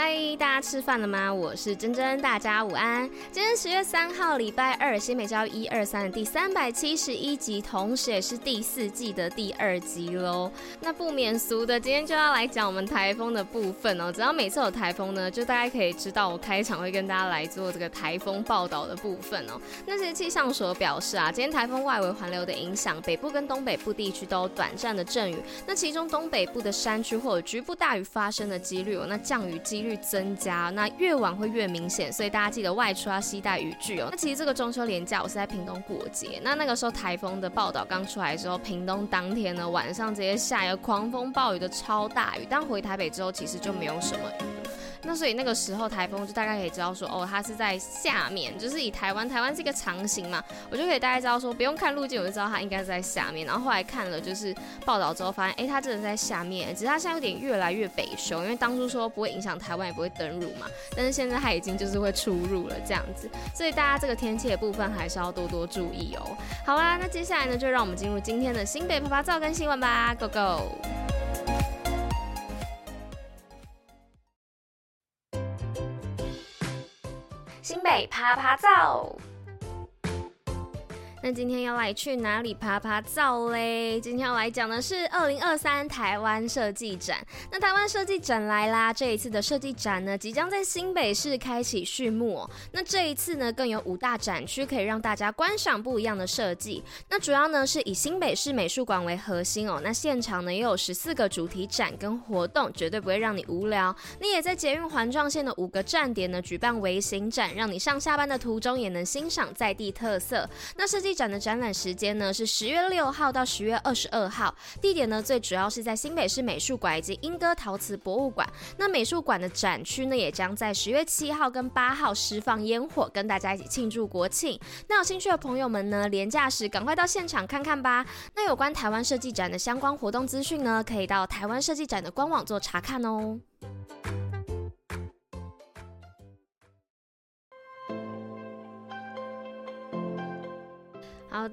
嗨，Hi, 大家吃飯了嗎？我是珍珍，大家午安。今天十月三號，禮拜二，新北教育123的第三百七十一集，同時也是第四季的第二集嘍。那不免俗的，今天就要來講我們台風的部分哦。只要每次有台風呢，就大家可以知道，我開場會跟大家來做這個台風報道的部分哦。那些氣象所表示啊，今天台風外圍環流的影響，北部跟東北部地區都有短暫的陣雨，那其中東北部的山區會有局部大雨發生的幾率哦。那降雨幾率。增加，那越晚會越明顯，所以大家記得外出要攜帶雨具哦。那其實這個中秋連假，我是在屏東過節，那那個時候颱風的報道剛出來之後，屏東當天呢晚上直接下一個狂風暴雨的超大雨，但回台北之後其實就沒有什麼那所以那個時候颱風就大概可以知道說，哦，它是在下面，就是以台灣，台灣是一個長形嘛，我就可以大概知道說，不用看路徑，我就知道它應該是在下面。然後後來看了就是報道之後，發現，哎、欸，它真的在下面，其實它現在有點越來越北修，因為當初說不會影響台灣，也不會登陸嘛，但是現在它已經就是會出入了這樣子，所以大家這個天氣的部分還是要多多注意哦、喔。好啦、啊，那接下來呢，就讓我們進入今天的新北趴趴造跟新聞吧，Go Go！新北趴趴造。那今天要來去哪裡趴趴造嘞？今天要來講的是二零二三台灣設計展。那台灣設計展來啦！這一次的設計展呢，即將在新北市開啟序幕，喔。那這一次呢，更有五大展區可以讓大家觀賞不一樣的設計。那主要呢是以新北市美術館為核心哦，喔。那現場呢也有十四個主題展跟活動，絕對不會讓你無聊。你也在捷運環狀線的五個站點呢舉辦微型展，讓你上下班的途中也能欣賞在地特色。那設計。展的展覽時間呢是十月六號到十月二十二號，地點呢最主要是在新北市美術館以及鶯歌陶瓷博物館。那美術館的展區呢也將在十月七號跟八號施放煙火，跟大家一起慶祝國慶。那有興趣的朋友們呢，連假時趕快到現場看看吧。那有關台灣設計展的相關活動資訊呢，可以到台灣設計展的官網做查看哦。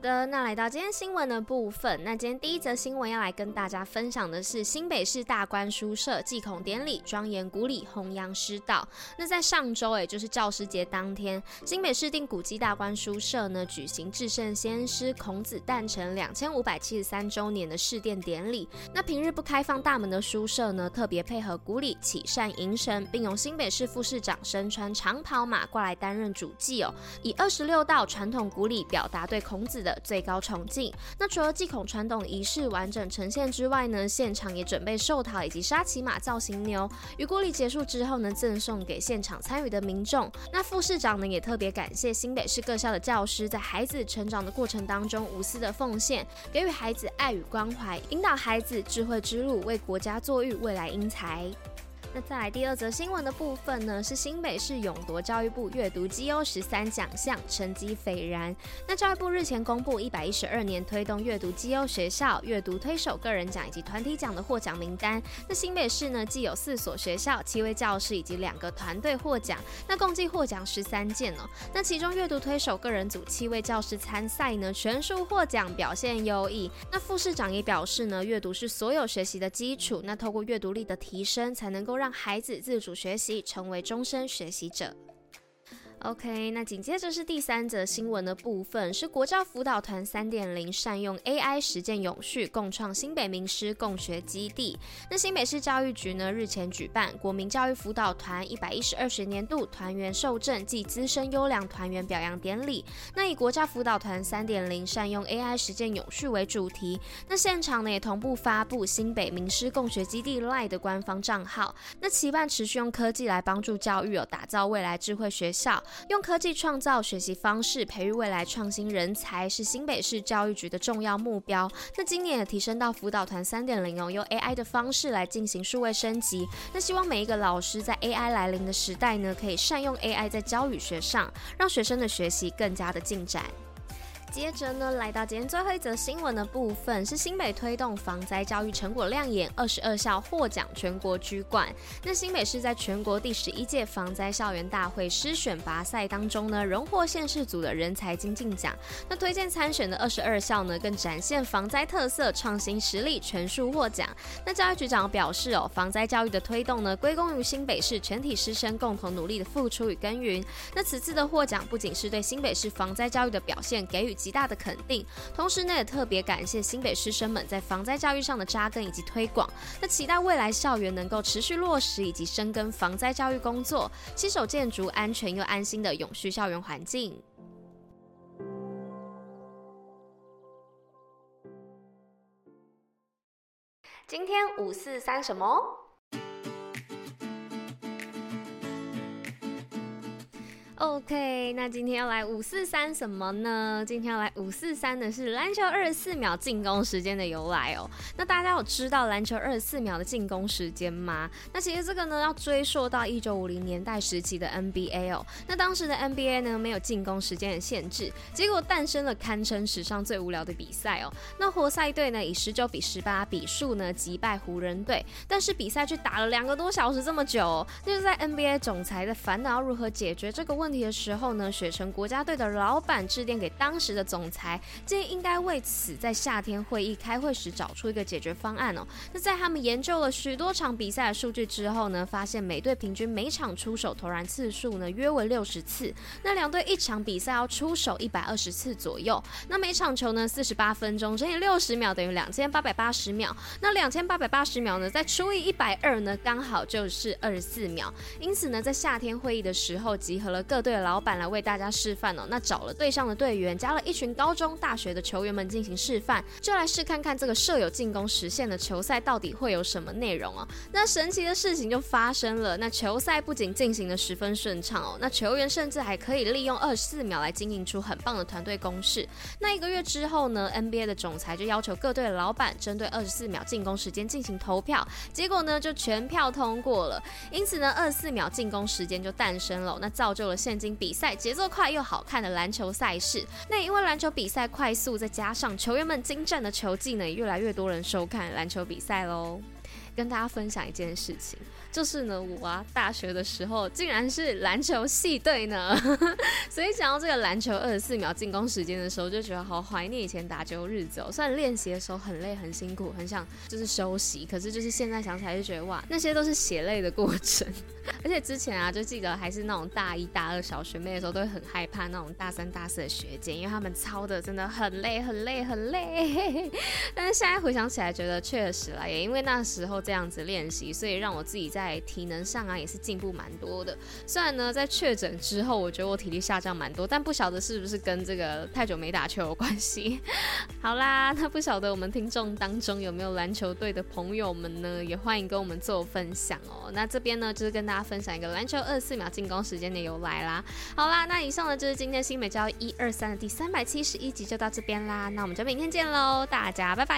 的那來到今天新聞的部分，那今天第一則新聞要來跟大家分享的是新北市大觀書社祭孔典禮，莊嚴古禮弘揚師道。那在上周也就是教師節當天，新北市定古蹟大觀書社呢舉行至聖先師孔子誕辰兩千五百七十三週年的釋奠典禮。那平日不開放大門的書社呢，特別配合古禮啟扇迎神，並由新北市副市長身穿長袍馬褂來擔任主祭哦，以二十六道傳統古禮表達對孔子的。最高崇敬。那除了祭孔傳統儀式完整呈現之外呢，現場也準備壽桃以及沙琪瑪造型牛，於古禮結束之後呢，贈送給現場參與的民眾。那副市長呢，也特別感謝新北市各校的教師，在孩子成長的過程當中無私的奉獻，給予孩子愛與關懷，引導孩子智慧之路，為國家作育未來英才。那再來第二則新聞的部分呢，是新北市勇奪教育部閱讀績優十三獎項，成績斐然。那教育部日前公布一百一十二年推動閱讀績優學校、閱讀推手個人獎以及團體獎的獲獎名單。那新北市呢，既有四所學校、七位教師以及兩個團隊獲獎，那共計獲獎十三件呢喔。那其中閱讀推手個人組七位教師參賽呢，全數獲獎，表現優異。那副市長也表示呢，閱讀是所有學習的基礎，那透過閱讀力的提升，才能夠讓讓孩子自主學習，成為終身學習者。OK，那緊接着是第三則新聞的部分，是國教輔導團三點零善用 AI 實踐永續，共創新北名師共學基地。那新北市教育局呢日前舉辦國民教育輔導團一百一十二學年度團員授證暨資深優良團員表揚典禮，那以國教輔導團三點零善用 AI 實踐永續為主題，那現場呢也同步發布新北名師共學基地 LINE 的官方賬號，那期盼持續用科技來幫助教育，有打造未來智慧學校。用科技創造學習方式，培育未來創新人才，是新北市教育局的重要目標。那今年也提升到輔導團三點零哦，用 AI 的方式來進行數位升級。那希望每一個老師在 AI 來臨的時代呢，可以善用 AI 在教與學上，讓學生的學習更加的進展。接着呢，來到今天最後一則新聞的部分，是新北推動防災教育成果亮眼，二十二校獲獎，全國居冠。那新北是在市全國第十一屆防災校園大會師選拔賽當中呢，榮獲縣市組的人才精進獎。那推薦參選的二十二校呢，更展現防災特色、創新實力，全數獲獎。那教育局長表示哦，防災教育的推動呢，歸功於新北市全體師生共同努力的付出與耕耘。那此次的獲獎，不僅是對新北市防災教育的表現給予。極大的肯定，同時呢，也特別感謝新北師生們在防災教育上的扎根以及推廣。那期待未來校園能夠持續落實以及深耕防災教育工作，親手建築安全又安心的永續校園環境。今天五四三什麼？OK，那今天要來五四三什麼呢？今天要來五四三的是籃球二十四秒進攻時間的由來哦、喔。那大家有知道籃球二十四秒的進攻時間嗎？那其實這個呢要追溯到一九五零年代時期的 NBA 哦、喔。那當時的 NBA 呢沒有進攻時間的限制，結果誕生了堪稱史上最無聊的比賽哦、喔。那活塞隊呢以十九比十八比數呢擊敗湖人隊，但是比賽卻打了兩個多小時這麼久、喔。那就是在 NBA 總裁的煩惱要如何解決這個問題。的時候呢，雪城國家隊的老闆致電給當時的總裁，建議應該為此在夏天會議開會時找出一個解決方案哦、喔。那在他們研究了許多場比賽的數據之後呢，發現每隊平均每場出手投籃次數呢約為六十次，那兩隊一場比賽要出手一百二十次左右。那每場球呢，四十八分鐘乘以六十秒等於兩千八百八十秒，那兩千八百八十秒呢再除以一百二呢，剛好就是二十四秒。因此呢，在夏天會議的時候，集合了各。隊老板來為大家示範哦。那找了隊上的隊員，加了一群高中、大學的球員們進行示範，就來試看看這個設有進攻時限的球賽到底會有什麼內容哦。那神奇的事情就發生了，那球賽不僅進行得十分順暢哦，那球員甚至還可以利用二十四秒來經營出很棒的團隊攻勢。那一個月之後呢，NBA 的總裁就要求各隊的老板針對二十四秒進攻時間進行投票，結果呢就全票通過了，因此呢二十四秒進攻時間就誕生了哦，那造就了。現今比賽節奏快又好看的籃球賽事，那也因為籃球比賽快速，再加上球員們精湛的球技呢，也越來越多人收看籃球比賽嘍。跟大家分享一件事情，就是呢，我啊，大學的時候竟然是籃球系隊呢， 所以講到這個籃球二十四秒進攻時間的時候，就覺得好懷念以前打球日子哦。雖然練習的時候很累、很辛苦，很想就是休息，可是就是現在想起來就覺得哇，那些都是血淚的過程。 而且之前啊，就記得還是那種大一大二小學妹的時候，都會很害怕那種大三大四的學姐，因為他們操的真的很累、很累、很累。 但是現在回想起來，覺得確實啦，也因為那時候。這樣子練習，所以讓我自己在體能上啊也是進步蠻多的。雖然呢，在確診之後，我覺得我體力下降蠻多，但不曉得是不是跟這個太久沒打球有關係。好啦，那不曉得我們聽眾當中有沒有籃球隊的朋友們呢？也歡迎跟我們做分享哦、喔。那這邊呢，就是跟大家分享一個籃球二十四秒進攻時間的由來啦。好啦，那以上呢就是今天新北教育一二三的第三百七十一集就到這邊啦。那我們就明天見嘍，大家拜拜。